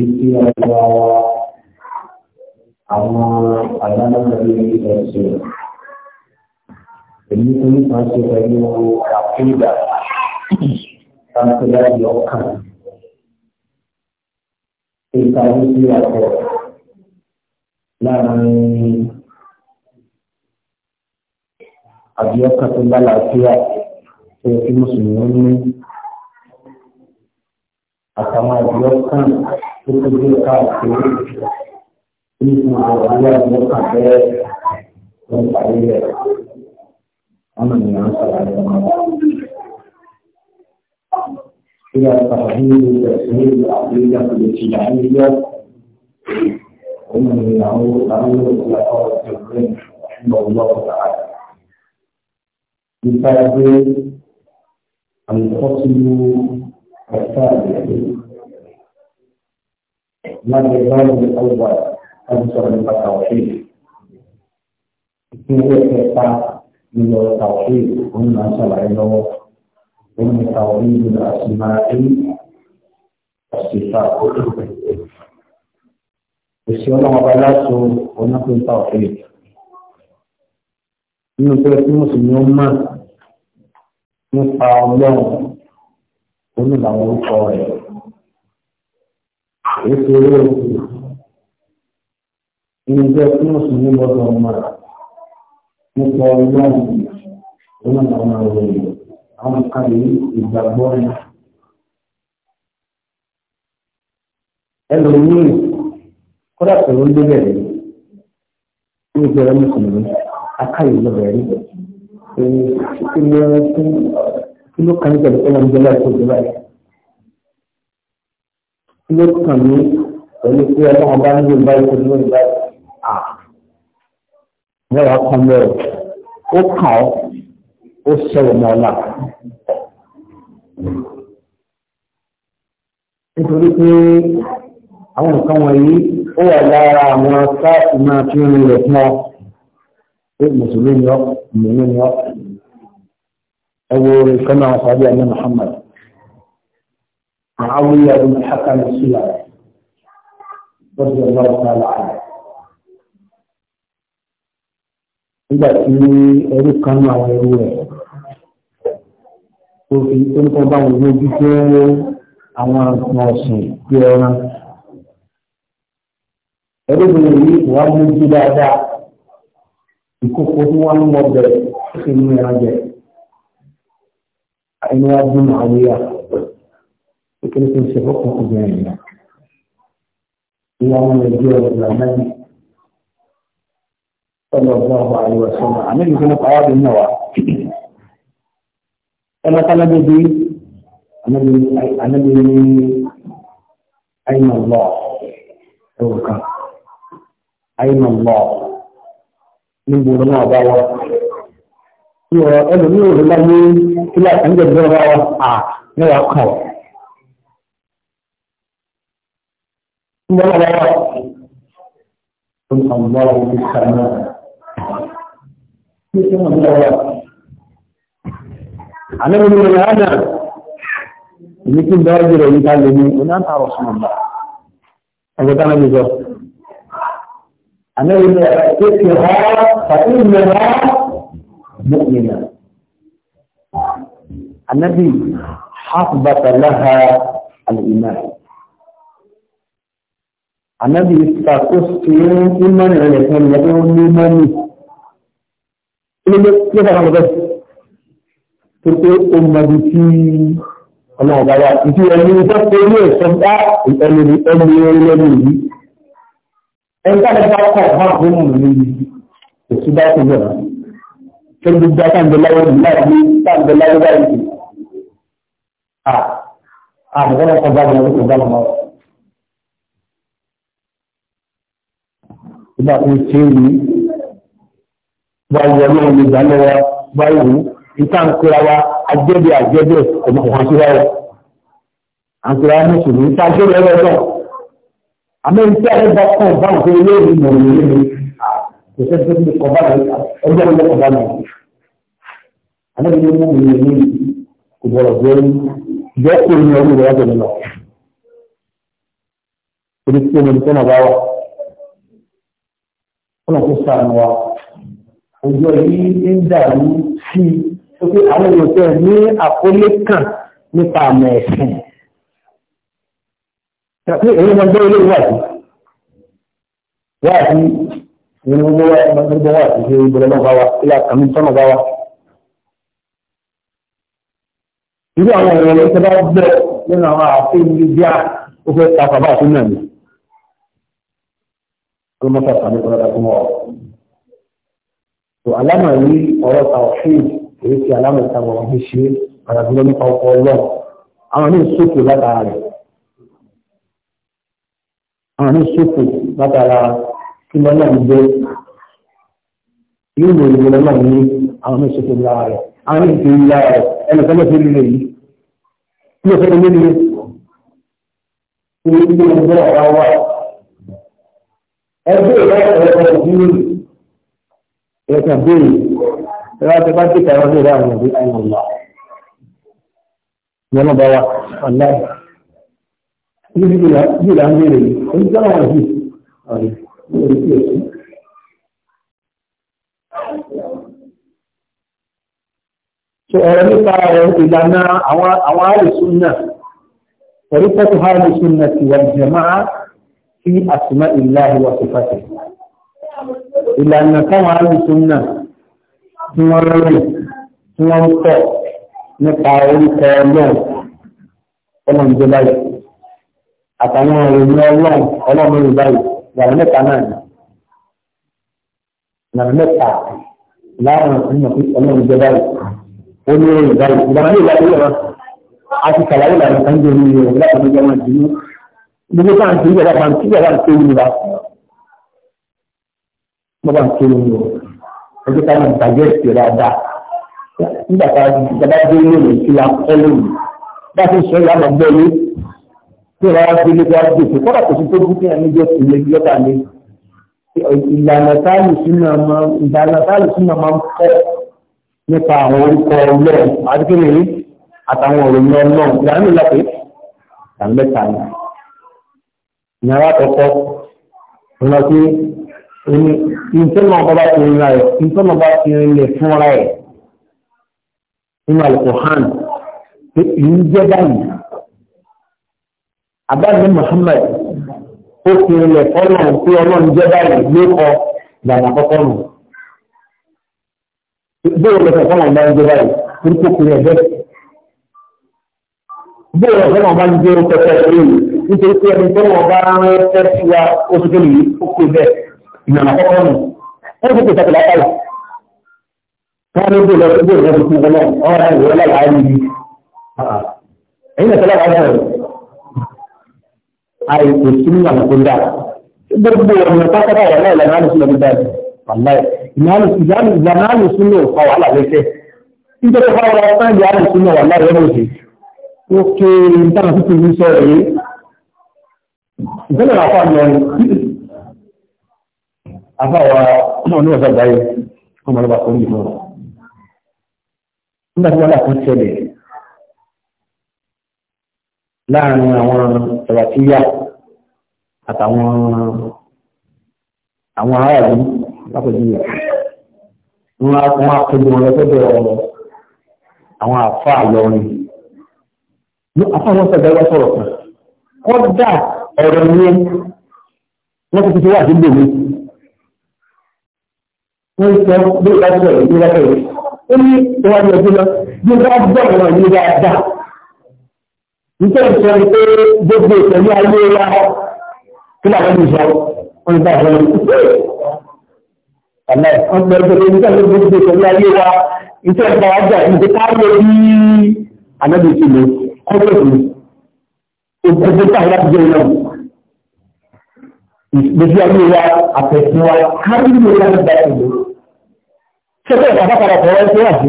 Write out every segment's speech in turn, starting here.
ìsí ọjọ́ àwọn alámọ̀lẹ́ ẹ̀sìn èyí tó nípa ṣe pẹ̀lú àkúndà sáńtẹ́láì ọkàn ìkàwé sí ọ̀pọ̀ láàárín àbíọ́kà tó bá làáfíà tó yẹ kí mùsùlùmí ní àtàwọn àbíọ́kà nítorí káàkiri nítorí ọ̀rọ̀ ìyáàbí àbẹ́ nípa ilẹ̀ ọmọ ènìyàn إلى ترهيب تسهيل العقيدة الاجتماعية ومن يعود أمر الخلفاء الكريم رحمه الله تعالى. بفرض الفصل الثالث والإمام الأول أنصر التوحيد ìpínlẹ̀ kẹta nínú tàwí òun náà ṣàlàyé lọ́wọ́ òun ni tàwí nínú àṣìmáàrí àṣìfà òṣì ọlọ́mọba láṣọ onáfin tàwí nínú pé tí mùsùlùmí ó mọ̀ nípa ọlọ́run òun làwọn orúkọ rẹ̀ ètò owó oṣù ìjọ tí wọ́n sì ní gbọ́dọ̀ ọmọ rẹ̀ nípa ọlọ́run lọ́nà àwọn òòyìn àwọn kàlẹ́ ìgbàgbọ́ rẹ̀. ẹlòmíì kọ́dà pẹ̀lú débẹ̀ rẹ̀ ní ìgbẹ́rẹ́ mùsùlùmí akáyè lọ́bẹ̀ rí kí ló kàn jẹ́ pé wọ́n jẹ́ láìpẹ́ jẹ́ tí ó kàn mí pẹ̀lú pé ọlọ́run bá nílò báyìí tó nílò báyìí à mẹ́wàá kan mẹ́rọ ó kàn ọ́ ó sọ̀rọ̀ mọ́ ọ̀la. nítorí pé àwọn nǹkan wọ̀nyí ó wà lára àwọn sáàtì máa fi ń rẹ̀ fún ọ pé mùsùlùmí ni ọ mùsùlùmí ni ọ ẹ wo ìkànnì àwọn sábẹ́ ẹni Muhammad. معاوية بن حكم السلمي رضي الله تعالى عنه nígbà tí ẹrú kan ní àwọn ẹrú rẹ̀ tó fi tó ní kọ́ bá wọn lójú tó àwọn nǹkan ọ̀sìn bí ẹran ẹrúbìnrin yìí kò wá lójú dáadáa ìkókó tí wọ́n ń wọ bẹ̀rẹ̀ ó sì ní ẹran jẹ ẹni wá bí màá wíyà. فكرة سبقها أجنبية يوم يجيء الزمان صلى الله عليه وسلم عمل في قواعد النوى أنا طلبي دي أنا بي أين الله أوكا أين الله من بولنا باوا يو أنا ميو بالله كلا أنجز بولنا باوا آه نوى قوة ثم لا قل الله في السماء ثم لا يعصي على من انا يمكن درجه لو يتعلمني ان انت رسول الله هذا كان بالظبط انا الاعتقاد فانها مؤمنه النبي حفظت لها الايمان ànábì ìsàkóso ìmọ̀nì rẹ̀ fún ẹni ẹgbẹ́ ó ní mọ́nì ilé ló fara lọ́bẹ̀ tó pé ó mọ̀bí tí ọmọ ọ̀gá wa ìdí ẹni tó pé ní ẹ̀sọ́ bá ẹni ẹni orí lẹ́nu yìí ẹni tá lẹ́ta kọ̀ bá fún ọmọ mi yìí kò sí bá fún bẹ̀rẹ̀ tó ń gbígbá táǹdé láwọ́ yìí láti táǹdé láwọ́ báyìí à àbúkọ́ náà kọ̀ bá wọn kò bá wọn nígbà tó ń ṣe é wù bá wù ọlọ́run lè gbà lọ́wọ́ bá wù níta ń pera wa ajẹ́bẹ̀ ajẹ́bẹ̀ ọmọ kan síra wa à ń pera wa ní sùn ní níta ajẹ́bẹ̀ ẹ̀rọ náà àmọ́ ìṣe àwọn bá kàn bá nǹkan ilé ìlú mọ̀ ní ilé mi kò sẹ́ni tó ti kọ̀ bá mi ẹgbẹ́ mi lọ́kọ̀ bá mi àmọ́ ìṣe mú mi ní kò bọ̀rọ̀ jẹ́ jẹ́ kó ní ọdún ìrọ̀lẹ́ lọ. ní sọ́nà fún ọkọ̀ sàánù wa òjò yìí ń dàrú sí i pé àwọn èèyàn ní àkọlé kan nípa àmọ̀ ẹ̀sìn pé èyí máa ń gbọ́ ilé ìwádìí wáàdí ìwé gbogbo wa máa ń gbọ́ wáàdí ìwé ìgbọ́lọ́ náà bá ilé àkàmì tọ́nà bá irú àwọn ọ̀rọ̀ kọlọmọta tàbí kọlọmọta fún ọ. tó alámà yí ọ̀rọ̀ ta ọ̀fíìn èyí tí alámà ìta wọ̀ ọ̀hún ṣe pàtàkì lọ nípa ọkọ̀ ọlọ́ àwọn ní ìsopò látara rẹ̀ àwọn ní ìsopò látara kí lọ́ náà ń gbé yóò lè lè lọ́nà ní àwọn ní ìsopò lára rẹ̀ àwọn ní ìsopò lára rẹ̀ ẹnì kan lọ́sẹ̀ líle yìí kí ló fẹ́ lé líle kí ló ń gbé ọgbọ́n ẹgbẹ́ ìdájọ́ ẹ̀kọ́ ìdílé ẹ̀kọ́ béèrè ẹ̀rọ àti bá kíkà ẹ̀rọ ìdílé àwọn ọ̀dọ́ àwọn ọ̀la ìyẹn náà bá wa ọ̀la ní bí yìí là ń béèrè yìí ó ń dáhùn àbí ọ̀rẹ́ lórí sí èsì. ṣe ọ̀rọ̀ nípa ìlànà àwọn àlùsùn náà ẹ̀rí pẹ́tù àlùsùn náà ti wà jẹ̀máà sí àtúmọ̀ ìláhi wa sifati. ìlànà táwọn alùsùn náà tí wọ́n rìn tí wọ́n ń tọ̀ nípa orúkọ ọlọ́run ọlọ́run jẹ́ báyìí àtàwọn ìròyìn ọlọ́run ọlọ́run jẹ́ báyìí ìlànà mẹ́ta náà ni ìlànà mẹ́ta láwọn ìmọ̀ pé ọlọ́run jẹ́ báyìí ó ní ìròyìn báyìí ìlànà mẹ́ta ló yẹ wọn a ti kàlàyé ìlànà kan jẹ́ orí rẹ̀ láti ọjọ́ wọn jù ú gbogbo tá à ń tẹ ìjọba bá ń tẹ ìjọba ń tẹ ìjọba wọ́n bá ń tẹ ìjọba ẹgbẹ́ ká ló ń bàjẹ́ ìṣẹ̀ dáadáa nígbà tá ìjọba dé lónìí sí la kọ́ lónìí bá a ti sọ ìyá àgbọ̀ yìí tí ìjọba wá délé wá dèkè kọ́dà kò sí tó kú kí ẹni jọ sílé lọ́tà ni ìlànà táàlù sínú ọmọ ìlànà táàlù sínú ọmọ ń kọ́ nípa àwọn orúkọ ọlọ́run àti kékeré àtàwọn òròyìn ọlọ́run ìlànà ìlànà pé ìlànà mẹ́ta ni ìyàrá àkọ́kọ́ ọ̀nà pé ìtọ́nà ọba ti rìn rẹ̀ ìtọ́nà ọba ti rìn lẹ̀ fún ara ẹ̀ nínú Al-Qur'an pé ìlú jẹ́ báyìí abáàdé Muhammad ó ti rìn lẹ̀ fọ́nà pé ọlọ́run jẹ́ báyìí ló kọ ìlànà àkọ́kọ́ nù. bóyá lọ́sẹ̀ fọ́nà ọba ń báyìí torí kókò rẹ̀ bẹ́ẹ̀ bóyá lọ́sẹ̀ fọ́nà ọba ń jẹ́ orúkọ nítorí pé ẹni tọ́wọ́ bá ń fẹ́ sí wa no tó no ìtọ́lẹ̀ àpá lọrin afáwà náà ní ọ̀sá ọmọ ọlọ́bà kan yìí náà nígbàtí wọ́n láàkún tẹ́lẹ̀ láàrin àwọn ṣàbàtíyà àtàwọn àwọn aráàlú lápẹ̀jùlọ wọ́n á kọjú wọn lọ́sọ́dọ̀ àwọn àfáà lọrin afáwọn sọ̀dọ̀ wọ́n sọ̀rọ̀ kan kọ́dà ọ̀rọ̀ yẹn wọ́n ti fi wà sí gbòmí. wọ́n sọ bí ìgbà tó ẹ̀rọ ìgbà tó ẹ̀rọ ó ní ìwádìí ọdún lọ bí wọ́n gbọ́ ọ̀rọ̀ yìí dáadáa. nítorí sọ pé gbogbo ìtẹ̀lé ayé wa kí làwọn ti sọ wọ́n bá wọn àmọ́ wọ́n gbọ́ ẹgbẹ́ pé nítorí gbogbo ìtẹ̀lé ayé wa ìtẹ̀lé ìgbà wájà ìdíkárò bí anábìsí lè kọ́ òkùnkùn táwọn láti jẹ́ ìlànà ìgbésí ayé wa àtẹ̀sìn wa kárí ní ìlànà ìgbà ìlú ṣẹ́fẹ́ ìpàdé padà kọ̀ wọ́n ṣe wà sí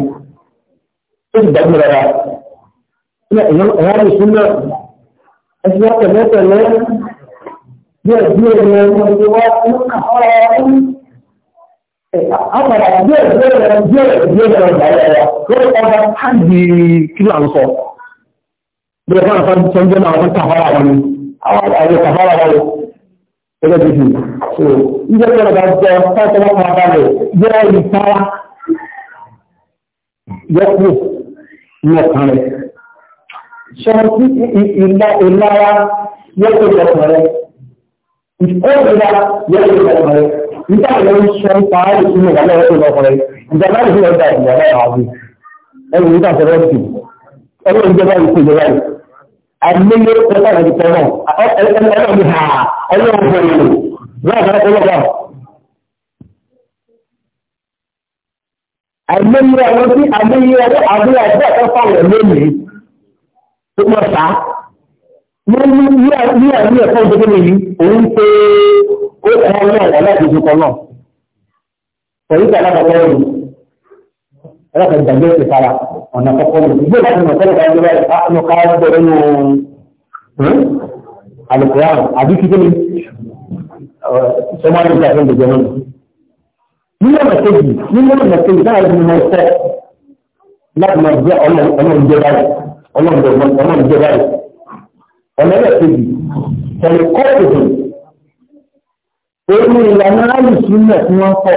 ó ti dàgbé rárá ẹ̀yà lè sún náà ẹ̀sìn wa tẹ̀lé tẹ̀lé díẹ̀ díẹ̀ ní ẹ̀yà lè wá fún àwọn ọ̀hún àpàdà díẹ̀ díẹ̀ díẹ̀ díẹ̀ díẹ̀ díẹ̀ díẹ̀ díẹ̀ díẹ̀ díẹ̀ díẹ̀ díẹ̀ díẹ̀ díẹ̀ díẹ̀ bí ọkọ̀ ọ̀fà tó ń jẹ́ náà wọ́n kàfàrà wọn ni àwọn kàfàrà wọn o gẹ́gẹ́ bí i so ìjẹ́ tó lọ́gbà jẹ́ fẹ́ẹ̀tọ́ wọn kàfàrà balẹ̀ jẹ́ ìtara yọkù ní ọkàn rẹ̀ ṣọ́n tí ìlara yọkù ní ọkàn rẹ̀ ìkórìíra yọkù ní ọkàn rẹ̀ nígbà tó ń sọ nípa ìṣúná ìwàlẹ̀ yọkù ní ọkàn rẹ̀ ìjàmbá ìṣúná ìjà ìjàmbá àwọn ẹ̀rù nígbà tó rẹ̀ sí ẹ̀rù ìjọba ìṣúná ìjọba ìṣúná àìmọye ọ̀pọ̀ àti tọ̀nà ọ̀pọ̀ ní ha ọlọ́run bò lò bẹ́ẹ̀ bá ọlọ́ bá. àìmọye ọ̀rọ̀ sí àìmọye ọ̀rọ̀ àbúrò àti àkọ́kọ́ rẹ̀ lónìí tó mọ̀ sá. ní ní ní àmì ẹ̀kọ́ ìdókòwò yìí òun pé ó kọ́ ọlọ́run láti ìdókòwò náà. pẹ̀lú ìtàlábà lọ́rùn ẹlẹ́kọ̀ọ́ ìgbàgbé ti fara ọ̀nà kọ́kọ́ ní ìgbé láti mọ̀ sẹ́lẹ̀ kan jẹ́wọ́ àánú ká bẹ̀rẹ̀ nù alùpùpù àbí kíkẹ́ ni sọmọ́ni ìgbà fún ìgbàgbé náà. nínú ọ̀nà kejì nínú ọ̀nà kejì náà ni mo fẹ́ láti máa jẹ́ ọlọ́ọ̀dẹ́gbà rẹ̀ ọlọ́ọ̀dẹ́gbà rẹ̀ ọ̀nà kejì sọ̀rọ̀ kọ́ọ̀tù èyí ìlànà alùsùn náà tí wọ́n kọ̀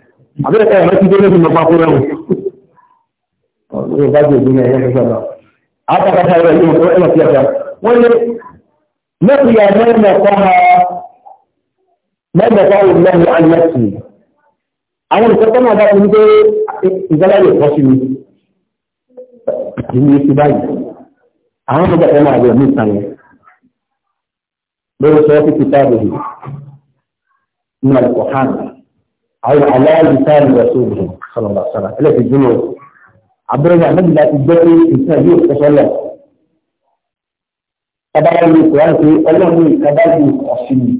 àbẹ́rẹ́ ẹ̀rọ ti dé lórí mọ́pá fún ẹ̀wọ̀n ọ̀rọ̀ bá jẹ́ ìdílé ẹ̀yẹ́ nígbàgbà àtàkàtà ẹ̀rọ yìí wọ́n ẹ̀rọ ti ẹ̀fẹ́ wọ́n lé lẹ́kùn yà mẹ́mẹ̀kọ́ ha mẹ́mẹ̀kọ́ ìlẹ́nu ayẹ́sì àwọn ìṣẹ́kọ́ náà bá ti ń gbé ìgbàlá yóò kọ́ sí mi ìlú ti báyìí àwọn ọmọdé ẹ̀ máa bẹ̀rẹ̀ ní ìtàn yẹn lórí sọ́ọ́ أو على لسان رسولهم صلى الله عليه وسلم إلا في الجنوب عبر الرحمن لا تجري إنسان يوسف الله طبعا القرآن في بن كذلك أصلي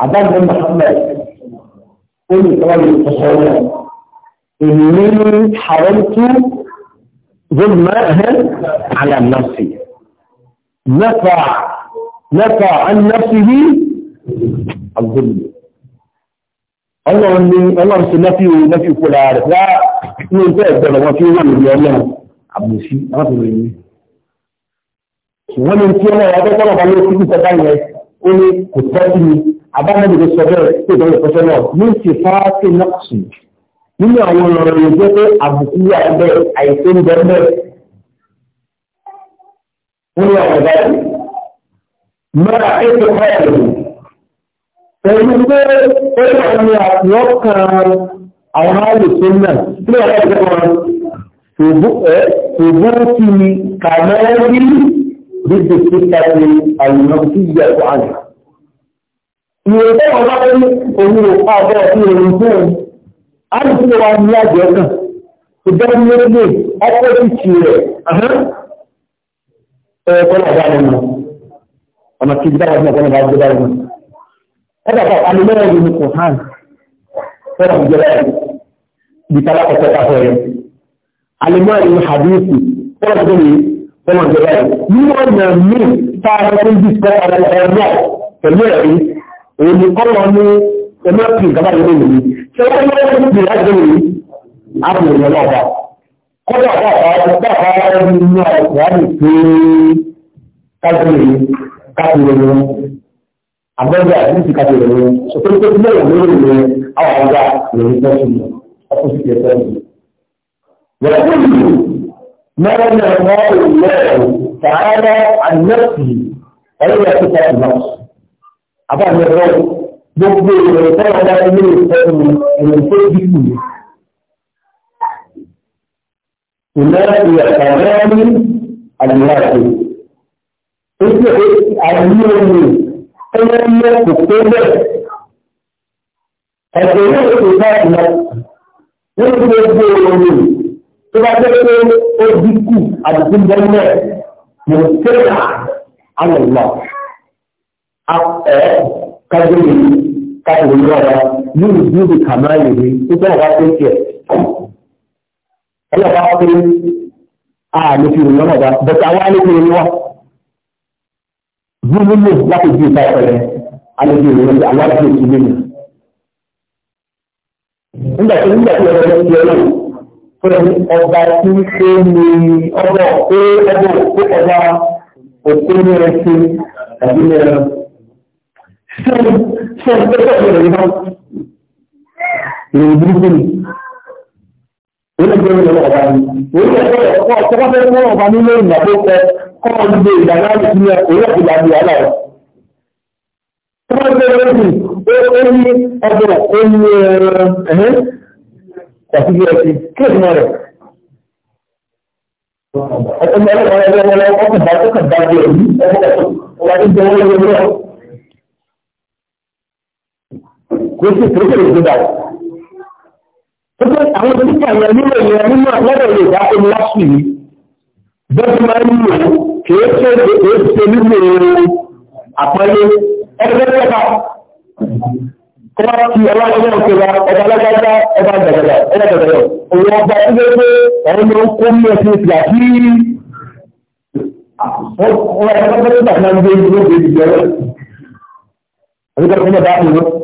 عبد بن محمد قل كمان التصور إني حرمت ظلمها على نفسي نفع نفع عن نفسه agbóhùnlò ọlọ́run ní ọlọ́run ṣe lọ́fí o lọ́fí ìpò lára rẹ̀ fúra ní ìgbẹ́ ìgbẹ̀rẹ̀ wọn tí ó wà lórí ọlọ́run àbòsí arábìnrin yìí ṣùgbọ́n ní tí ọlọ́run ọdọ́gbọ́n ọba ló fi kíkọ́ báyẹn ó ní kò tọ́ sí mi abámẹ́lẹ́dẹ́ sọ bẹ́ẹ̀ pé ìdánwò ìfẹsẹ̀ náà ní ti fáákì nọ́ọ̀sì nínú àwọn ọ̀rọ̀ rẹ̀ jẹ́ pé àbùkù wà bẹ́ẹ̀ àìsí ń bẹ bẹ́ẹ̀ nínú àwọn ìbáyìí mọ́ra ètò ọ̀rọ̀ pẹ̀lú pé ó wà ní àwọ̀kan àwọn alùpùpù náà tí wọ́n bá jẹ́ wọn ṣògbó tí ni kàmẹ́rí dídì sí kàtí àyùmọ̀ sí ìyá tó àná. Ìwé tó wọn bá ní òun ò pa ọ̀bọ̀ sí òun fún un. Alùpùpù wa ní àjẹ́ kan. Ìjọba ní ó lè ọkọ̀ ìtì rẹ̀. Ẹ̀ẹ́dọ́gbọ̀n ọ̀gá mi mọ̀. Ọ̀nà kí ìjọba ọ̀gá mi mọ̀ ẹ̀dàpọ̀ alùmọ́rẹ̀ ìlú kò hàn fẹ́ràn ìjọba ẹ̀ bìtàlá ọ̀sẹ̀ káfọ́ ẹ̀ alùmọ́rẹ̀ ìlú hadithi fẹ́ràn ìjọba ẹ̀ fẹ́ràn ìjọba ẹ̀ nínú ọ̀nà mí táwọn tó ń bí sọ ọ̀rọ̀ ọ̀rọ̀ náà pẹ̀lú ẹ̀rí òun ni kọ́lọ̀ ní ẹmọ́pì ìjọba ìlú nìyí ṣé wọ́n ní wọ́n ti bìrì láti lóyún àbùrù ìyọ̀lọ́ ọ̀pá kọ́lọ̀ ọ̀pá ọ̀pá ọ̀pá ọ̀pá ọ̀pá àgbẹ̀dẹ àti ti kàtó ìrìn rẹ̀ ṣòkòrò tó tilẹ̀ ìwé ìrìn rẹ̀ àwọn ọ̀gá ìrìn tó ti lọ ọkọ̀ sí ẹ̀fọ́ rẹ̀. Wọ́n tó lù mẹ́rin náà wọ́n ò lẹ́ tààrà ànẹ́sì ẹ̀yìn ẹ̀kọ́ tó ti lọ. Àbá mi rẹ̀ gbogbo ìrìn tó wọ́n dá ilé ìfẹ́ mi ìrìn tó di kù. Ìlẹ́ ìyàtọ̀ rẹ̀ ní àdìmọ́ àti. Ó sì àìní omi ẹyẹ ẹyẹ kò pé bẹ́ẹ̀ ẹ̀sẹ̀ yóò ṣe báyìí lọ ní gbogbo òòrùn tó bá jẹ́ pé ó dínkù àdìsí bẹ́ẹ̀ mọ̀ tẹ́lá àwọn ìlọ ẹ̀ kájú yìí kájú yìí lọ́wọ́ yóò dúró di kàmá yìí tó tẹ́lá wá pé tiẹ̀ ẹ̀yà wá pé àmì fi rìn lọ́nà bá bẹ̀tà wá ní fi rìn lọ́wọ́ gbúgbúlò láti bí ìta ẹ̀rẹ́ alẹ́bí ìròyìn aláàbò ìdílé mi. Nígbà tí nígbà tí ọ̀rọ̀ ti ọ̀rọ̀ fúnra ní ọba tí ń pé ní ọgbọ̀ pé ọgbọ̀ pé ọba òkú ní ẹ ṣe tàbí ní ẹ ṣe ń pẹ́ pẹ́ pẹ́ pẹ́ pẹ́ pẹ́ pẹ́ pẹ́ pẹ́ pẹ́ pẹ́ onígbèrè lọ́wọ́ ọba ni orí ẹgbẹ́ ọkọ̀ ọ̀sọ́kọ́fẹ́ tí wọ́n ọba nílé ìgbà tó kọ kọ́ ọdún ìdáná ìpínlẹ̀ orílẹ̀-èdè ìlànà ìyá náà. tó bá gbé lórí ó ní ọdún ó ní ẹ̀hẹ́ kọ̀síbí ẹtì kí èsì rẹ̀. ọkùnrin ọlọ́pàá ẹgbẹ́ wọn lọ ọkùnrin bá tó kàn dájú èyí ọba tó jẹun lọ́wọ́ lọ́wọ́ kò sí ìpínlẹ̀ ó pé àwọn dókítà yẹn nílò yẹn nínú àlọ́dọ̀ lè dá omi láti rí bẹ́ẹ̀ máa ń lò kìí ṣe kìí ṣe nílò àpẹẹrẹ ẹgbẹ́ tẹ́ka kó wá sí ọlá ọlá òkèlà ọba alágbádá ọba gbàgbàgbà ọba gbàgbàgbà òun ọba tó lé pé ọ̀run ló ń kó mú ẹsẹ̀ ìgbà sí wọ́n ẹgbẹ́ tẹ́ka náà ń gbé ìgbé ìgbé ìgbé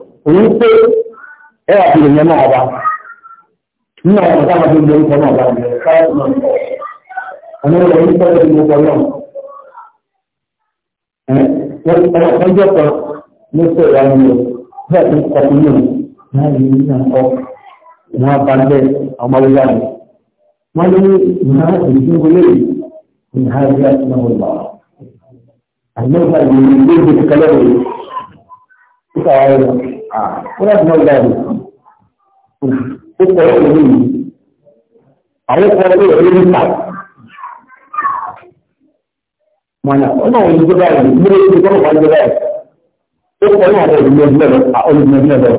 òun pé ẹ wà fìlè náà ọba nínú àwọn ọ̀gá àti olórúkọ náà ọba rẹ̀ káàkiri náà àwọn ọ̀rọ̀ yìí sọ́dọ̀ ní orúkọ náà ọjọ́ kan ló sọ ìyá mi o bẹ́ẹ̀ tó ń kọ fún mi náà yìí ní àkọ ìwọ̀n abalẹ̀ ọmọ wíwá mi wọ́n ní ìhà ìdíwọ́ lẹ́yìn ìhà ìyá ìyá ìyá àìmọ́ ìgbà yìí ló ń gbé kalẹ́ rẹ̀ nípa àwọn ọ̀rọ̀ ó láti máa gba ìlú ó kọ ọ́ ìlú yìí àwọn kọ ọ́ ìlú yìí ta mọ̀nà ọ̀nà òun ìjọ báyìí ní ilé ìjọ báyìí wọ́n jọ báyìí ó kọ ní àwọn olùgbé ẹgbẹ́ lọ àwọn olùgbé ẹgbẹ́ lọ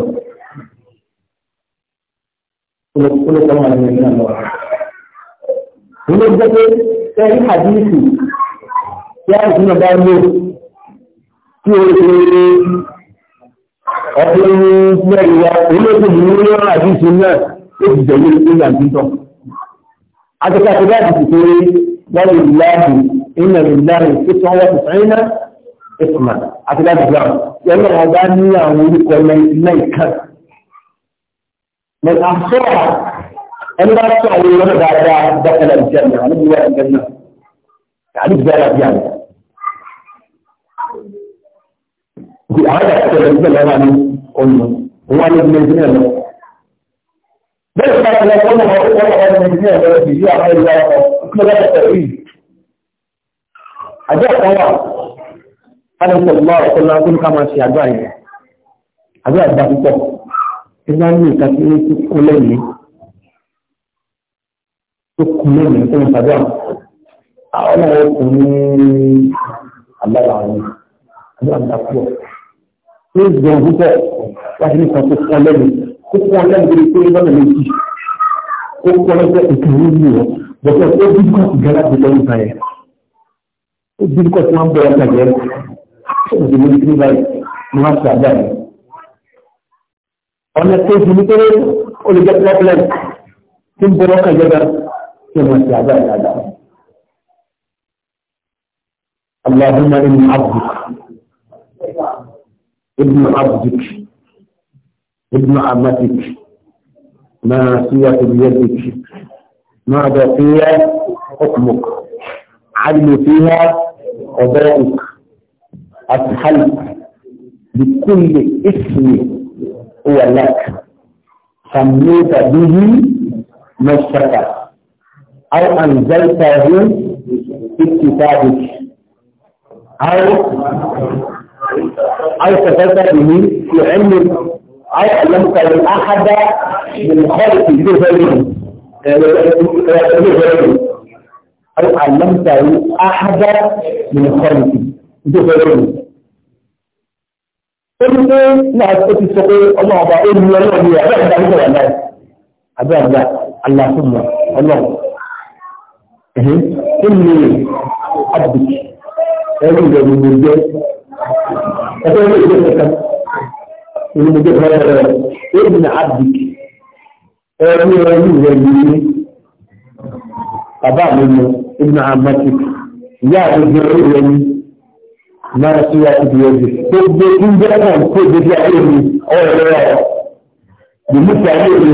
olùkọ́ wọn ní ẹgbẹ́ lọ. Ilé ìjọ pé ẹ̀rí àdínkù tí a ìsinmi bá ń lò tí o lè ọkùnrin mẹ́rin wa olóògùn ní mílíọ̀nù àdìsí náà ó ti tẹ̀lé ìpínlẹ̀ àdìsọ́. akẹ́kọ̀ọ́ bá ti pé wọ́n lè láàbù iná lè láàbù tó tán wọ́n ti sẹ́yìn náà ìtumà àti láti gbà yẹn náà bá ní àwọn orúkọ mẹ́ìkan. mẹ́ta sọ́ra ẹni bá sọ àwọn olóògùn dáadáa dákẹ́lẹ̀ ìjẹun àwọn olóògùn àwọn ìdàkọ̀ ìgbẹ́ lọ́wọ́ ní ọ̀nà wọ́n ní ilé ìdílé lọ. Bẹ́ẹ̀ bá ti lọ fún ọmọ ọmọ ọmọ ìdílé lọ sí ìlú àwọn ìlú ọkọ̀ kí ló bá tẹ̀lé yìí. Àjọ kan wà, a lè sọ ìgbà ọ̀sẹ̀ náà fún ká máa ṣe àjọ àyẹ̀. Àjọ àgbà púpọ̀, iná ní ìka tí ó ti kú lẹ́yìn tó kú lẹ́yìn tó ń padà. Àwọn ọmọ ọkùnrin àgbàlá àwọn àjọ àgbà púpọ̀ ní ìgbọ̀n púpọ̀ láti ní kan tó fún ọlẹ́nu kó fún ọlẹ́nu lórí pé lọ́nà méjì ó kọ́ lọ́sẹ̀ ìkàwé ní wọn bọ̀tọ̀ ó bí kọ́ ti gẹ́lá ti lọ́nà ìgbà yẹn ó bí kọ́ ti máa ń bọ̀ ọ́ta jẹ́ ó sì mú ní báyìí ni wọ́n ti àgbà yẹn. ọ̀nà tó ti ní pé ó lè jẹ́ pọ́pọ́lẹ́m tí ń bọ̀ ọ́ta jẹ́gà tí wọ́n ti àgbà yẹn àgbà. ابن عبدك ابن عمتك ما سوى بيدك ماذا فيها حكمك علم فيها قضائك أسحلت بكل اسم هو لك سميت به نفسك أو أنزلته في كتابك أو أي تفتى به في علم أي لم تكن أحد من خالق الجبلين أي لم تكن أحد من خالق الجبلين فمن لا تستطيع الله بأن يلوم يا رب هذا الناس هذا لا الله ثم الله إني عبدك أريد من الجبل ẹgbẹ́ ìwé ìwé kan ìlú mi jẹ́ ọ̀rọ̀ rẹ̀ èyí na abdik ẹ̀rọ ní ọ̀rọ̀ yìí rẹ̀ yìí ní bàbá mi ní ìlú na amatik ìyá mi jẹ́ ọ̀rọ̀ rẹ̀ ní máa sí ti bìyẹn jù tó gbé ìjẹ́ náà kó gbé bí ayé mi ọ̀rọ̀ rẹ̀ yìí ti ayé mi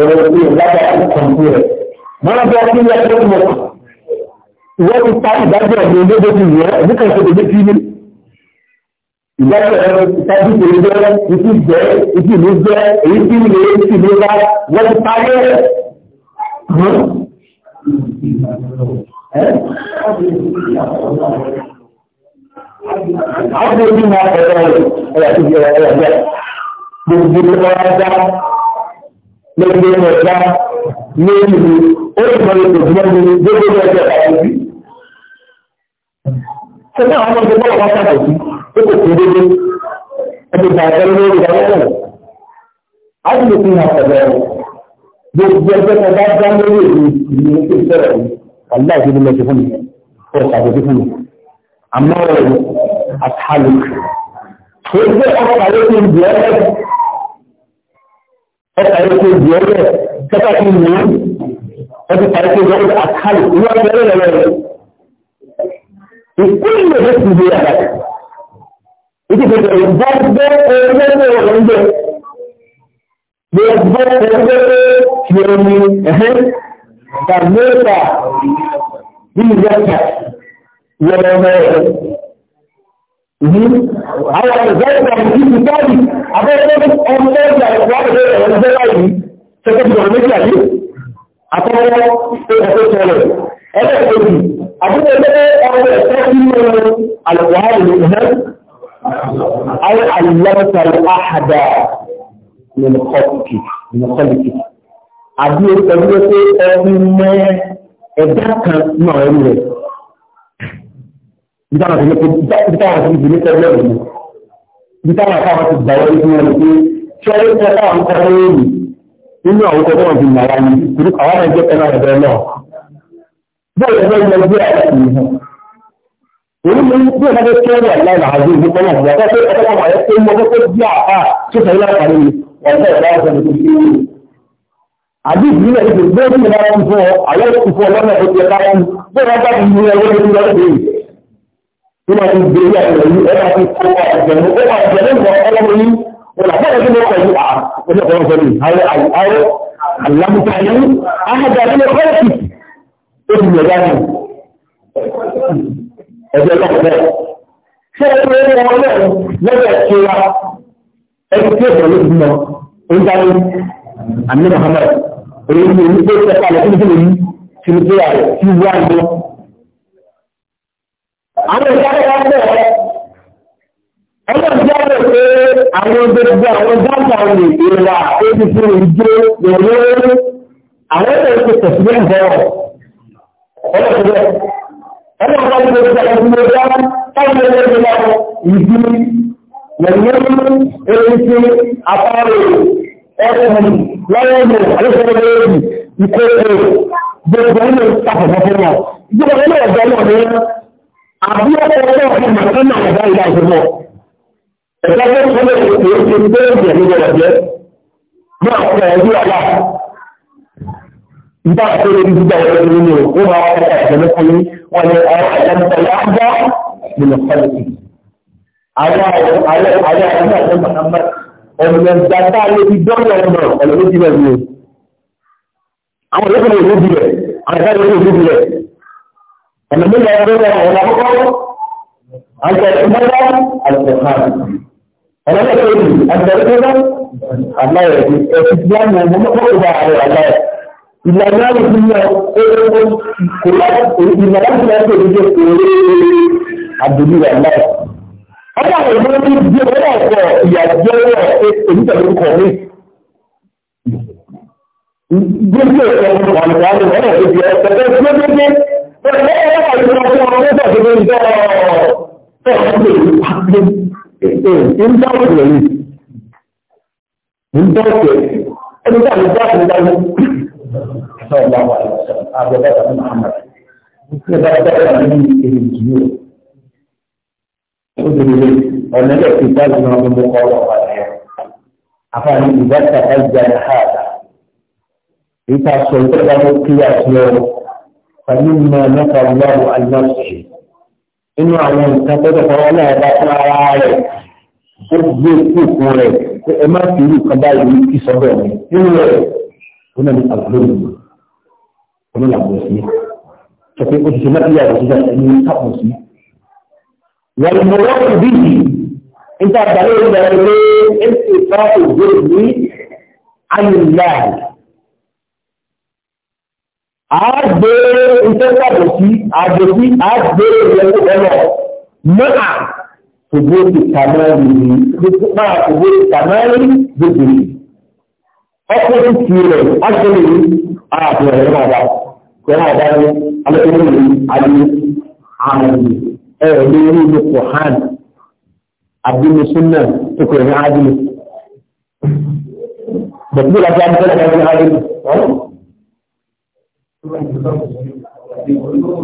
ọ̀rọ̀ rẹ̀ lábẹ́ àkọ́kọ́ rẹ̀ máa bọ́ kí ni ẹgbẹ́ mọ̀ ìwọ́n ti ta ìdájọ́ mi lóde ti yẹ ẹ̀ ìdájọ́ ẹ̀rọ ìtajú tó jẹ́ ìtì jẹ́ ìtì ìlú jẹ́ èyí tí ń lè ti lè bá wọ́n ti parí ẹ̀. Àwọn ojú máa ẹ̀rọ ẹ̀yà tó di ẹ̀rọ ẹ̀yà jẹ́. Gbogbo ìlú ọ̀rọ̀ ajá lórí ẹ̀rọ ẹ̀dá lórí ìlú ó lè mọ ètò ìjọba ní gbogbo ẹ̀jẹ̀ àti ìlú. Ṣé ní àwọn ọmọdé bọ́ọ̀lù wọn sábà sí? tí kò sí dédé ẹgbẹ́ ìgbàgbọ́ lórí ìdáwọ́wọ́ a ti lè fi hàn ọ̀dọ̀ gbogbo ẹgbẹ́ kan bá dá lórí èdè ìlú tó ń sọ̀rọ̀ yìí wàlúwà ìdí ló lọ́jọ́ fún mi ọ̀rọ̀ ṣàbẹ̀dẹ̀ fún mi àmọ́ ọ̀rọ̀ àtàlù gbogbo ọkọ̀ àyẹ̀kọ́ ìdí ọ̀rẹ́ ọkọ̀ àyẹ̀kọ́ ìdí ọ̀rẹ́ kẹta ti mú ọdún àyẹ̀kọ́ ìdí ọ̀rẹ́ àtàlù ìwọ́n ti lọ́wọ́ ìkúlù lè ìdíje ìgbọ́ gbé ẹgbẹ́ ní ọ̀rọ̀ gbogbo ẹgbẹ́ yóò ní ẹ̀hẹ́ tàbílẹ́ta ìjọta yọ̀rọ̀ mẹ́rẹ̀ ìhìn àwọn ìjọta ìdíje tàbí abẹ́rẹ́ ọmọdé ìwádìí ẹgbẹ́ láyìí tẹ́kẹ́bìrì méjì àyè àtọ́wọ́ ẹgbẹ́ tọ́lẹ̀ ẹgbẹ́ tọ́lẹ̀ àbúrò ẹgbẹ́ ọmọdé ẹgbẹ́ أو علمت الأحد من خلقك من خلقك àbí ẹgbẹ́ pé ẹni mẹ́ ẹ̀dá kan náà ẹ̀rú rẹ̀ ìdáhùn àti ìdílé pẹ̀lú ẹ̀rọ mi ìdáhùn àtàwọn ti gbà wọlé fún ẹni pé ṣé ẹni pẹ̀lú àwọn ọkọ̀ ẹ̀rọ nínú àwọn ọkọ̀ náà ti nàrà ní ìlú àwọn ẹgbẹ́ pẹ̀lú ẹ̀rọ náà bẹ́ẹ̀ ẹgbẹ́ ilẹ̀ ẹgbẹ́ àti ìhàn Èyí ni bí ọ̀nà tó kí ọ̀rọ̀ àìláì máa dé ìgbésẹ̀ náà ìgbà tó ọ̀pọ̀ ọmọ ẹ̀ tó mọ́ tó bí àpá tó sẹ́yìn láti àárín ọ̀gá ìgbà ọ̀sẹ̀ tó fi wú. Àbí ìdílé ẹ̀ tó gbé ní ìlànà ń fún ọ, àyẹ̀ ti fún ọlọ́nà tó ti ẹ̀ka wọn, bó wọn bá ti ní ẹwọ́ ní ìlú ọ̀dọ́ yìí. Ó máa ẹgbẹ́ náà bẹ́ẹ̀. Ṣé ẹ pé wọn náà lọ́dọ̀ ṣe wa ẹni tí èèyàn ló bímọ oúnjẹ ní àmì Muhammad èyí ni èyí tó ṣẹ́pà lọ sí ìdílé yìí tí mo gbéra rẹ̀ tí wọ́n á lọ. Àwọn ìjáde wa bẹ̀ ọlọ́run jẹ́ ọ̀rọ̀ pé àwọn gbogbo àwọn dáńtà òní ìwà ebi fún ìjó ìwé àwọn ẹ̀rọ ti tẹ̀síwẹ̀ bọ̀ ọlọ́run bẹ́ẹ̀ ọlọ́run bá ti gbèsè ẹ̀dùnmọ̀ dá táwọn ẹgbẹ́ mi lọ́wọ́ ìdí lẹ́yìn eréṣẹ́ àpárò ẹkùn lọ́wọ́ mi àlẹ́sọ̀rọ̀ lẹ́yìn ìkókò gbogbo ẹ̀mọ̀ ìtàkùnfọ́ fún wọn. ìjọba ẹ̀mọ̀ ọ̀dọ́ náà ní àbí ọkọ̀ ọ̀dọ́ ọ̀fún màkà náà ọ̀dá ìlà ìṣẹ̀mọ̀. ẹ̀ka tó ń sọ nígbà tó lè gbígbà ìwé nínú ó máa ń kọ́kọ́ ìjọba kan ní wọ́n ní ọ̀rọ̀ ìjọba láàbà nínú kọ́lẹ̀kì. Àwọn àwọn àwọn àwọn àti Muhammad ọ̀nà ìjàmbá lè fi dọ́rọ̀ ọ̀nà ọ̀nà ló jìnà ní. Àwọn ìlú kan ló jìnà, àwọn ìka ló jìnà. Ọ̀nà mi lọ rẹ̀ ọ̀nà àkọ́kọ́ àti ìmọ̀lá àlùkòkàn. Ọ̀nà mi lọ rẹ̀ ọ̀nà àkọ́kọ́ àti ìmọ̀lá àlùkòkàn. ìlànà ìpínlẹ̀ ìlànà ìpínlẹ̀ tó ní jẹ́ òwe àdúgbò àláì. ọjà ìlú ní bí ọwọ́ ọ̀pọ̀ ìyàjẹ́ rẹ̀ onítẹ̀lẹ́ kọ̀ ní. gbogbo ọ̀pọ̀ àwọn àwọn ọ̀rọ̀ ìdí ọ̀pọ̀ tó gbé gbé ọ̀pọ̀ ọ̀pọ̀ ìlú ọ̀pọ̀ ọ̀pọ̀ ọ̀pọ̀ tó gbé gbé ọ̀pọ̀ ọ̀pọ̀ ìlú ọ̀pọ̀ صلى الله عليه وسلم أبو بكر محمد إذا بكر من الجيوع أدري أن الاعتزال من المقاومة أفهم إذا تفجر هذا إذا سيطر القياس له فمما نفى الله عن نفسه inú àwọn nǹkan tọ́jọ́ kan wọn náà bá ẹ má fi irú kan báyìí kí sọ́dọ̀ mi nínú rẹ̀ ó náà ní àgbélé mi onílàbòsí sọ pé oṣù mẹ́tìlá ìwòsíṣẹ́ ẹni kápòsí wọ́n mọ̀ lọ́pù bí i níta àgbàlẹ́ ìgbà ilé èsì ìfọ́ òjò ní ayélujára àgbé iṣẹ́ kápòsí àgbèsí àgbé ìrẹ̀lẹ̀ mọ́à tòbó ti kàmẹ́rì máa tòbó ti kàmẹ́rì gbèsè ọkùnrin tirẹ̀ ágbẹ̀lẹ̀ àti ẹ̀rọ náà tọ́lá àdáyé alẹ́kùnrin ayé àmì ẹ̀rọ lórí ìlú kọ̀hán àbínú súnà tó kọ̀ ní ájúlé. Bẹ̀tí bí láti ájúlé láti ájúlé ájúlé.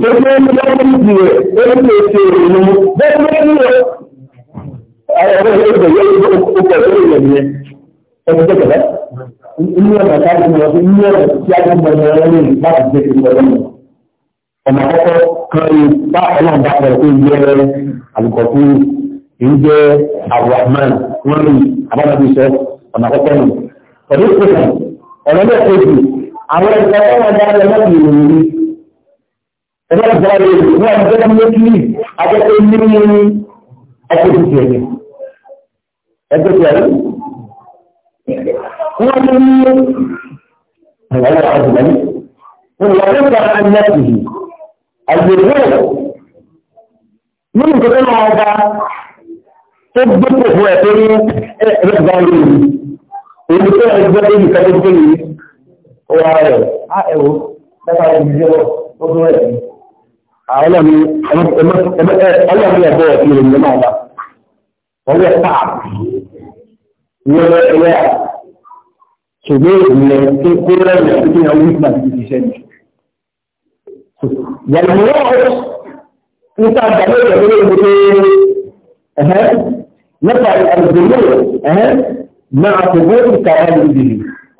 Gbogbo ẹni lọ́wọ́ ní ìdí rẹ̀, ó ní ètò ìrìnnú, bẹ́ẹ̀ ló ní rẹ̀. Ẹ̀rọ ìgbẹ̀yẹ́ ìgbẹ̀yẹ́ ìgbẹ̀yẹ́ ìgbẹ̀yẹ́ ìgbẹ̀yẹ́ inú ọ̀nà káàkiri wọn fi inú ọ̀nà tí a ti gbọdọ̀ ọ̀rọ̀ lè láti gbé ti gbọdọ̀ lọ. ọ̀nà àkọ́kọ́ kan ní bá ọlọ́run bá pẹ̀lú pé jẹ́ àlùkọ̀kú èyí jẹ́ Abdulrahman wọn rí abájáde sọ ọ̀nà àkọ́kọ́ nù. pẹ̀lú ìpèsè ọ̀nà náà kejì àwọn ẹ̀ka ọ̀nà dáadé láti ìròyìn rí. ẹ̀rọ ìjọba lè rí هو من الله عز وجل هو يرضى عن نفسه الجبور من كتير هذا تبدو هو تري رضاني وبتوع الجبين كتبني هو عارف عارف ده الجبور عالمي عالمي أبوه في الجماعة وهو صعب ولا ṣùgbọ́n ìrìnlẹ̀ tó kó rẹ̀rẹ̀ tó kí àwọn ìgbà ti fi ṣẹ́ni. Yàmùrọ̀ nípa àgbàdo ìjọba ìlú pé ẹ̀hẹ́ nípa àgbègbè ẹ̀hẹ́ máa tòbó ìka àgbègbè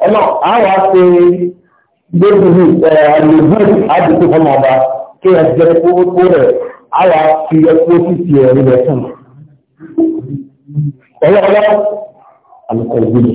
ọmọ àwọn àti gbogbo àgbègbè àdìsí fọmọ ọba kí ẹ jẹ kókó rẹ̀ àwọn àti ẹkọ títí ẹ̀rí rẹ̀ fún. Ọlọ́ọ̀lọ́ àlùkò ìgbìmọ̀.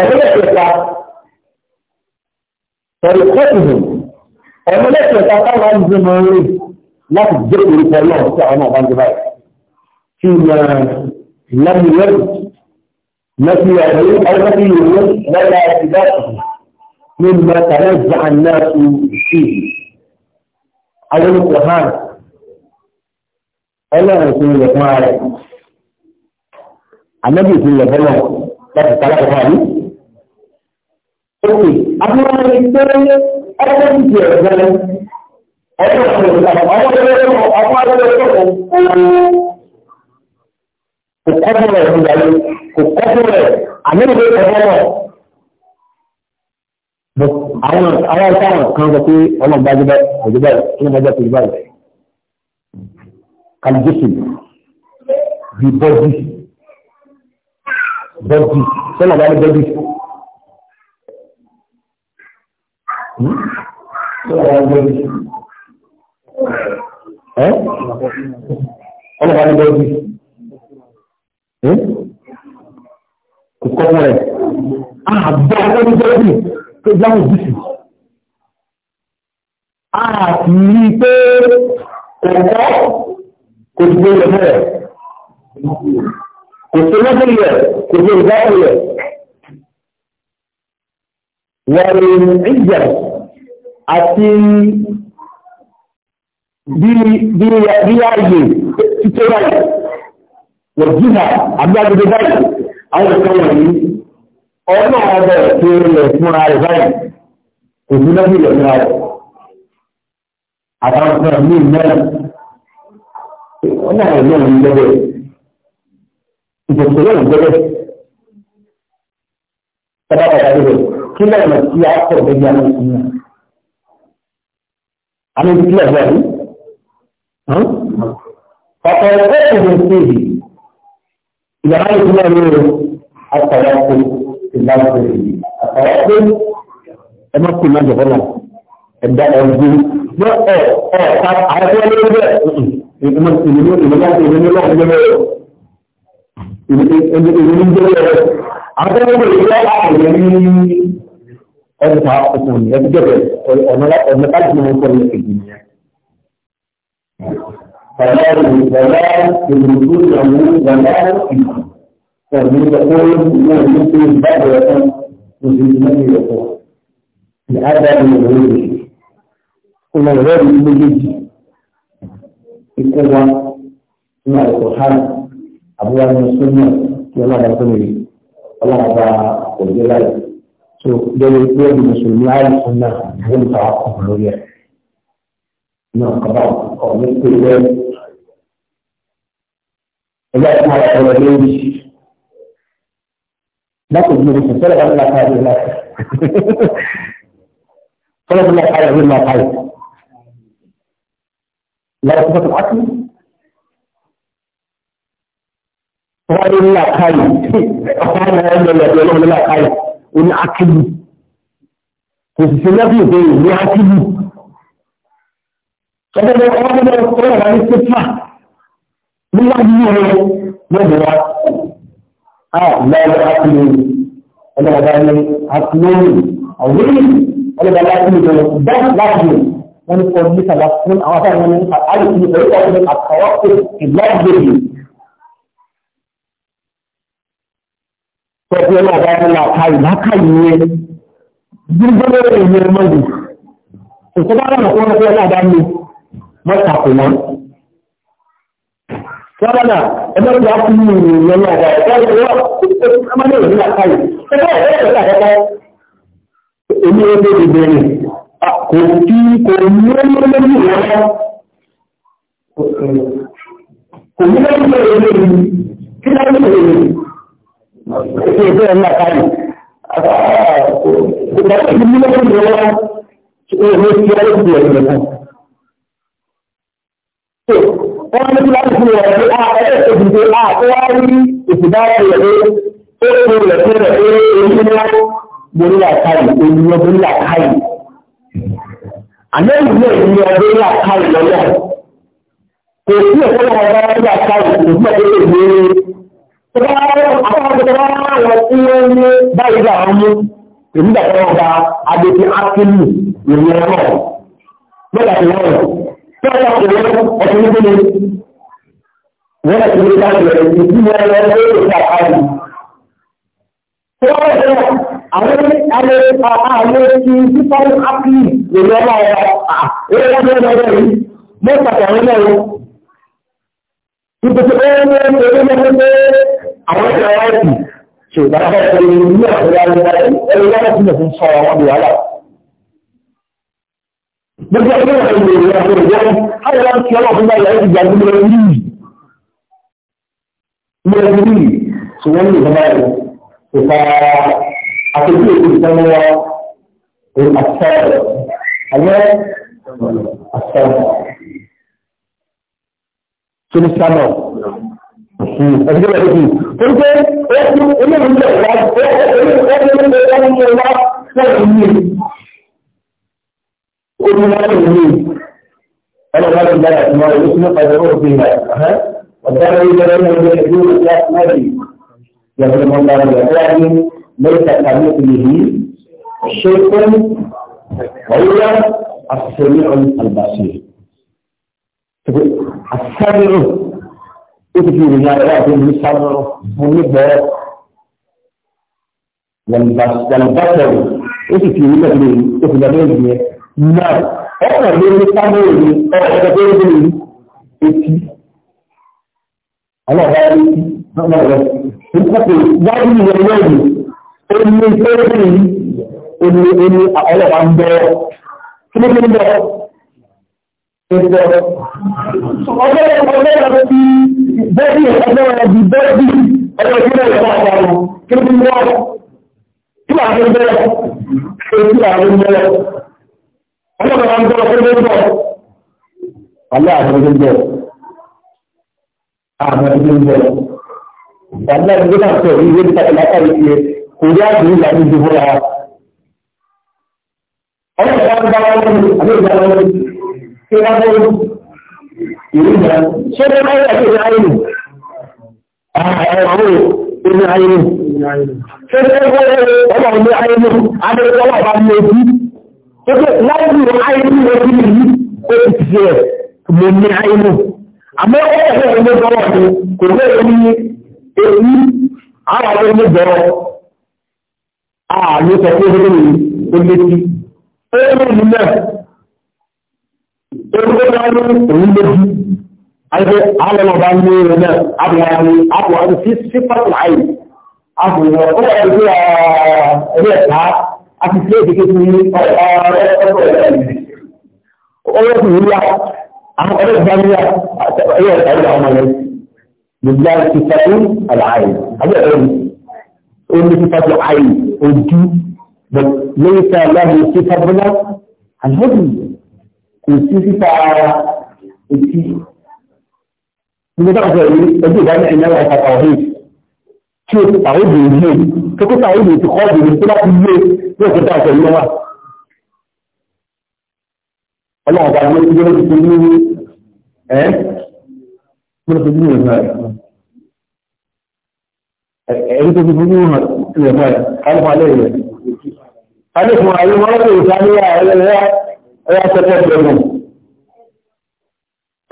ẹ̀mọ́lẹ́kẹta ẹ̀rùkọ́tìmù ẹ̀mọ́lẹ́kẹta táwọn ń gbé mọ́ orí láti jẹ́ orúkọ náà tí àwọn náà bá ń jẹ báyìí kí ni lẹ́mìlẹ́rù lẹ́sí ọ̀rẹ́ ọlọ́dún ìwé lọ́la ẹ̀sìn dáàbò ní mẹ́ta náà jẹ́ ànáàtú ìṣèlú àwọn olùkọ́ hàn ọlọ́run ti ń lẹ̀ fún ara rẹ̀ ànábì ti ń lẹ̀ fún ọ láti tàlàkọ̀ fún àyè. Òkè, àbúrò ní pé ọjọ́ ìdí ẹ̀gbẹ́ ọjọ́ ìdí ẹ̀gbẹ́ ọjọ́ ìdí ẹ̀gbẹ́ ọjọ́ ìdí ẹ̀gbẹ́ kò kọ́kọ́ rẹ̀ fún ìyàlẹ́ kò kọ́kọ́ rẹ̀ àmìlẹ̀ ọ̀rọ̀ rẹ̀. Àwọn àwọn táwọn kan sọ pé ọlọ́run bá jẹ́ bẹ́ẹ̀ ọjọ́ bẹ́ẹ̀ kí ni wọ́n jẹ́ pé báyìí. Kàlùjẹ́sì bí bọ́dì bọ́dì sọ́nà bá ní bọ́dì. ọlọ́wà ní bọ́ọ̀dì kò kọ́kọ́ rẹ̀ àbọ̀ ah, ọlọ́wà ní bọ́ọ̀dì tó jáwọ́ jùsù àti rí pé ọ̀pọ̀ kò tó lọ́wọ́ rẹ̀ kò tó lọ́wọ́ rẹ̀ kò tó lọ́wọ́ rẹ̀ wàrìnìyà àti bí ààyè títẹ́ báyìí wọ̀jíhà àbúgbàgbé báyìí àwọn ìkan wọ̀nyí ọ̀nà ọ̀bẹ̀ tí ó rẹ̀ fúnra rẹ̀ báyìí kò ní lọ́bí rẹ̀ fúnra rẹ̀ àtàwọn ọ̀nà ní ìmọ̀ràn ọ̀nà ìlú ọ̀nà ìgbẹ́gbẹ́ ìjọsọ̀rọ̀ ìgbẹ́gbẹ́ sábà pàtàkì rẹ̀ كلا المسيح أكثر بيان المسلمين أنا بكلا هذه ها فتوقفهم فيه إذا ما يكون التوقف في البلد التوقف أما كل ما جبنا الدعوة دي لا أو أو طب على كل ما يجي إما تقولوا إما لا تقولوا لا تقولوا إما إما إما إما على كل ما يجي ọ̀nà ọ̀sán ni ẹbí gẹ́gẹ́ ọ̀nà láti mọ ọkọ ní ẹ̀kẹ́ yìí yẹn. Bàbá mi bàbá ìrìnkú ìyàwó bàbá ìlú ọ̀nà ìjọba náà ní pé ìbáàbò ẹ̀kọ́ oṣù tí wọ́n ti rẹ̀ pọ̀. Ní àgbà mi ò rí rẹ̀. Ọmọ ìrẹ́ mi méjèèjì ikú wa ní àìsàn hàn àbúrò àwọn sọ́nà tí ọlọ́run tó ń rí ọlọ́run bá òjò láyé. يجب ان يكون هناك من يكون هناك من يكون هناك من يكون هناك من يكون هناك من يكون هناك طلب الله تعالى غير ما قال لا صفة العقل طلب الله قال أخوانا أن الله قال ó ní akílù kò sì sí lẹ́bí ìpé ní akílù ọgbẹ́gbẹ́ ọgbẹ́gbẹ́ ọgbẹ́gbẹ́ wà ní sífà nígbà ní ọ̀rọ̀ lọ́dọ̀ wa a lọ́wọ́ akílù ọlọ́wọ́dá ní akílù ọ̀rẹ́yìn ọlọ́wọ́dá láti lọ bá láti wọn ni kò ní sàlá fún àwọn afẹ́ àwọn ní àlùkù ìfẹ́ ìfẹ́ àkọ́wọ́ Sọ́kùn náà bá ti máa ka ìlàkà ìwé gbígbóná ìwé mọ́lù. Ìjọba náà kọ́ ọ́nà náà bá mi mọ́tàkù wọn. Sọ́kùnà ẹgbẹ́ ìgbà fún mi ní ìwé náà bá ẹ̀ka ìwé náà ọmọ náà ìwé náà káyì. Ẹgbẹ́ ìwé náà kọ́kọ́ èmi ò lè dìbò rẹ̀. Kò fi kò ní olólórí ìwé náà. Kò ní olólórí ìwé náà. Kí sai zai yana kari da ta yi miliyan da yawa cikin yau ne ya yi biyar da kan to wani kuma da kuma wani a ɗaya ta bude a kowani da su dace da ne ko ko da ko da ko da ko da burla kari ko yiwa burla kari a nan ne yiwa burla kari da yawa ko kuma kuma wani burla kari ko kuma da ko Wọ́n ti rí láti ẹ̀rẹ̀ ìdíjú ẹ̀rọ lórí ìṣàkáyì. Tí wọ́n rẹ̀ àwọn ẹgbẹ́ àwọn ẹgbẹ́ tí fọ́n ápì lè lọ́wọ́ ẹ̀rọ ẹ̀rọ yìí, mọ́ pàtàkì àwọn ẹ̀rọ. Ìpèsè ẹ̀rọ ẹ̀rọ ẹ̀rọ àwọn ẹ̀ka ẹ̀kì ṣe ìdájọ́ ẹ̀kọ́ ní ọ̀rẹ́ ẹ̀rọ láti sílẹ̀ fún sọ àwọn ọdún wàhálà. Gbogbo ọdún ọ̀rẹ́ ìlú ìlú ọdún ìjọ ayọ̀ láti fi ọlọ́ọ̀fún bá yàrá ìgbà gbogbo ẹ̀rí yìí. Mo ẹ̀rí yìí tí wọ́n ní ìjọba rẹ̀ ìta ẹgbẹ́ rẹ̀ kù tó jẹ́ ẹkùn onígbìmọ̀ ìwádìí ẹgbẹ́ rẹ̀ wọ́n mú wá lẹ́yìn ní olùwádìí ní ọlọ́wádìí lára tí wọ́n yóò tún pàdé ọ̀rọ̀ bí i ọ̀dára ilẹ̀ rẹ̀ ní ọjọ́ ìlú ìyá mẹ́rin yàtọ̀ mọ́ lára rẹ̀ wá ní mẹ́ta tàbí ìlú yìí ṣe fún ọ̀yá àṣìṣe ní ọ̀lùsàlùbàṣì. Àṣìṣe ó ti fi ìròyìn ara láti ní sáwọn mo ní bẹ́ẹ̀ wàlùbáṣẹ̀rù ó sì fi ìròyìn náà lè ó fi lọ́dún ìgbìyẹ náà ọ̀pọ̀ ló ní sáwọn òní ọ̀pọ̀ tó ń bí etí ọlọ́ọ̀bá rí náà rẹ̀ nípasẹ̀ wáyé ìwọ̀n náà yìí ó ní tó ń bí oní oní ọlọ́ọ̀bá ń bẹ́ kí ló ń bẹ́ ọjọ́ ọjọ́ ọjọ́ ọjọ́ bẹ́ẹ̀ni ọjọ́ ẹbí bẹ́ẹ̀ni ọjọ́ ìpínlẹ̀ ìjọba àpapọ̀ kí ní wọ́n tí wàá fẹ́ bẹ́ẹ̀ ṣe tí wàá fẹ́ bẹ́ẹ̀ ọjọ́ bàbá ń bọ́ fẹ́ bẹ́ẹ̀ alẹ́ àfẹ́ bẹ́ẹ̀ àfẹ́ bẹ́ẹ̀ bàbá ìgbé náà sọ ìwé nípa ìlàkà ìṣe kò rí àgbèrè ìlànà ìdìbò ra ọjọ́ bàbá ń bá wọn ní àbẹ́ ìgbà wọn ní kí wọ́n ìrìnà ṣé ní ayé àti ìrìn ayé nì ọ̀rọ̀ ìrìn ayé nì ṣé ní ẹgbẹ́ ọmọ ìlú ayé nì adéwọ́lá bá ní ojú tó tó láì ní ayé nì ojú nìyí ó ti ti ẹ̀ mo ní ayé nì àmọ́ ó ẹ̀fẹ́ ìlú gbọ́rọ̀ ni kò fẹ́ ní èyí àwọn ó lé ní Ìgbẹ́gbẹ́gbẹ́ òun lójú, àìfẹ́ alọ́lọ́bá ní ẹ̀rẹ́ náà, àbúwárí, àbúwárí sí sípàtàkì àìyí, àbúwárí, ó wà ní ẹ̀rẹ́ ẹ̀ta, àti sí èdè kékeré ní ọ̀rẹ́ ẹ̀rẹ́ ọlọ́sìn nílá ọlọ́sìn nílá ẹ̀yẹ ẹ̀yẹ ọmọ rẹ̀ nígbà ìfàtún àlàyé abẹ́rẹ́ ó ní ìfàtún àyè ojú lẹ́yìn tí a lọ́wọ́ sí fàbọ́lá àlọ́sìn kò sí síta etí. Gbogbo táwọn sọ yìí ẹgbẹ́ ìdáná ẹ̀ náírà ìta tàwọn èyí tí o ti tàwọn èdè yìí kókó tàwọn èdè ti kọ́ ìdè tó bá ti yé yóò kó táwọn sọ wà. Ọlọ́run bá yẹ kí ló ti ní ẹ́ ló ti ní ìrìnà rẹ̀. Ẹ̀rí tó ti ní ìrìnà rẹ̀ kálífà lẹ́yìn rẹ̀. Kálífà ayé wọn lè sáré ààrẹ ẹ̀yà tẹ́tẹ́ tẹ́lẹ̀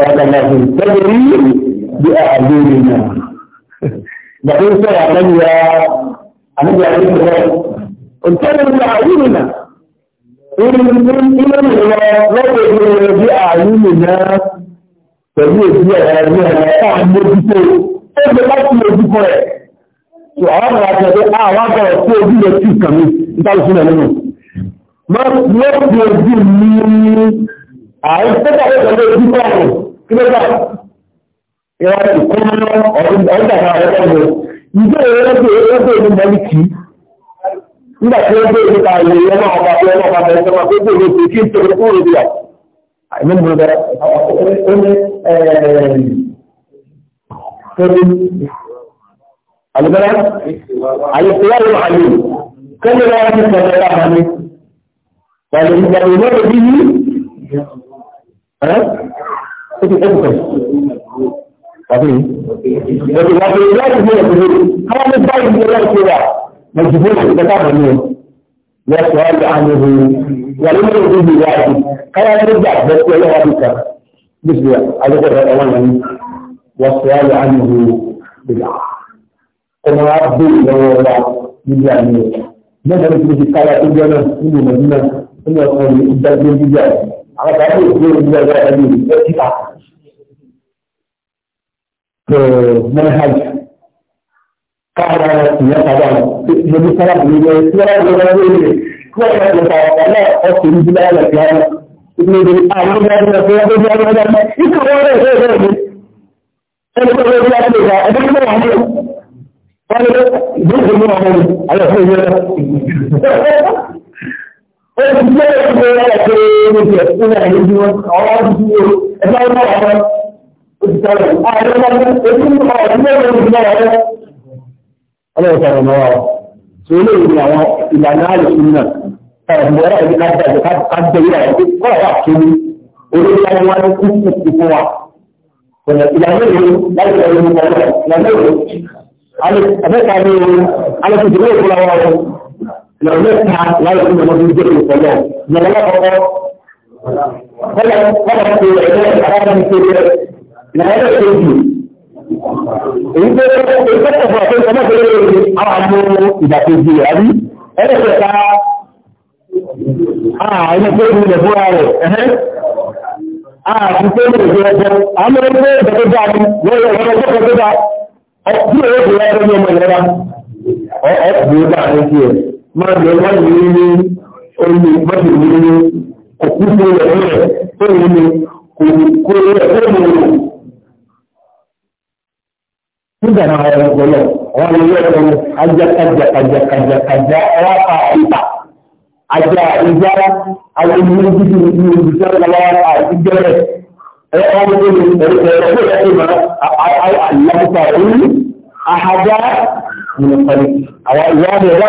ọ̀kàlàfẹ́ tẹ́lẹ̀ rí bí àgbé rí náà bàbá ń sọ̀rọ̀ àmẹ́yà àmẹ́yà rí rẹ̀ òtẹ́lẹ̀ rí àyè rí náà Irin ilé ìlọ lọ́wọ́ ìlú bí ààyè lè náà pẹ̀lú èdè ẹ̀rọ ní ẹ̀rọ táà mójútó ó gbé láti mójútó ẹ̀. Àwọn àwọn àjọ̀dé àwọn àgbọ̀rọ̀ tí ojú lè sí ìkànnì ìtàlùsílẹ̀ nínú lọ́pù ojú ní àìsíkà ọ̀pọ̀lọpọ̀ ojú báyìí kí ló bá ìwà ìkọ́nà ọ̀dàkà ọ̀pọ̀lọpọ̀ ìjọ ìrẹ́lẹ́gbẹ̀ ẹgbẹ́ ìlú mọ́lìkì nígbà tí ó gbé nípa ìwé ọmọ ọba tí ọmọ ọba bẹ̀rẹ̀ sọ́mọ tó gbé lóṣù kí n tó kó lóṣù yà àìní mú bẹ̀rẹ̀ ó ní tóbi àlùbẹ́rẹ́ àyẹ̀kọ́ yà ló àyè kẹ́lẹ́ wá ní sọ̀rọ̀ والإيمان به ها؟ عظيم لكن لا يمكن أن يكون هذا الدائم الجلال كذا مجهول كتاب منه وسؤال عنه والأمر به واحد كما نرجع بس إلى ربك مثل على قول الأوان والسؤال عنه بدعة كما ربي لو الله من يعني ماذا نتمنى كلا تجانا من المدينة punya kali ibadat dia juga. Apa tak ada dia juga ada lagi. Kita ke menhaj. Kalau dia pada jadi ada. dia suara dia dia dia dia dia dia dia dia dia dia dia dia dia dia dia ada. dia ah, dia ada. dia dia ada. dia dia ada. dia dia ada. dia dia ada. dia dia ada. dia dia ada. dia dia ada. dia dia ada. dia dia ada. dia dia ada. dia dia ada. dia dia ada. dia dia ada. dia dia ó ti gbé ìwé ẹ̀kẹ́ níbi ẹ̀kú náà níbi wọn àwọn ti wo ẹgbẹ́ ọmọ ọmọ òṣìṣẹ́ àwọn ọmọ ẹbí ọmọ ọdún mẹ́rin ọdún mẹ́rin ọdún. ọlọ́run sọ̀rọ̀ ọmọ wa ṣe ilé ìwé àwọn ìlànà àlùfín náà ọ̀rọ̀ ìwé ẹ̀rọ ìdí kájà ìdí kájà ìdí àti kọ́ọ̀ wà kiri orí ayé wa ní kúkú ìfún wa. ìlànà ìwé láti ọ̀rọ̀ ìwé ìlànà ìwé alẹ́ لو نفتح لا يكون موجود في الصلاة ما لا فقط فلا فقط في العبادة حرام في لا يكفي إذا إذا تفاصيل كما في أعلم إذا في هذه هذا كذا آه أنا كذا من الجوار آه كذا من الجوار أنا كذا كذا ولا ولا كذا كذا أكيد ولا كذا من الجوار أكيد ولا كذا máa lọ láì ní ní orí ìgbàdì ní òkú tó rẹ̀ rẹ̀ tó ní ní kò ní kó rẹ̀ tó ní rò. Nígbà náà ọ̀rọ̀ ọ̀gbọ̀lọ̀, àwọn ọmọ ilé ọ̀rọ̀ ajá kájà kájà kájà kájà ọwọ́ pa ìta. Ajá ìjá àwọn ìlú títí ní olùsọ́ lọ́wọ́ àtijọ́ rẹ̀. Ẹ ọmọ ilé ẹ̀rọ ẹ̀rọ tó rẹ̀ tó máa àlàkùtà orí àhàjá ìrìnkọ̀lẹ̀. Àwọn ìyá rẹ̀ wà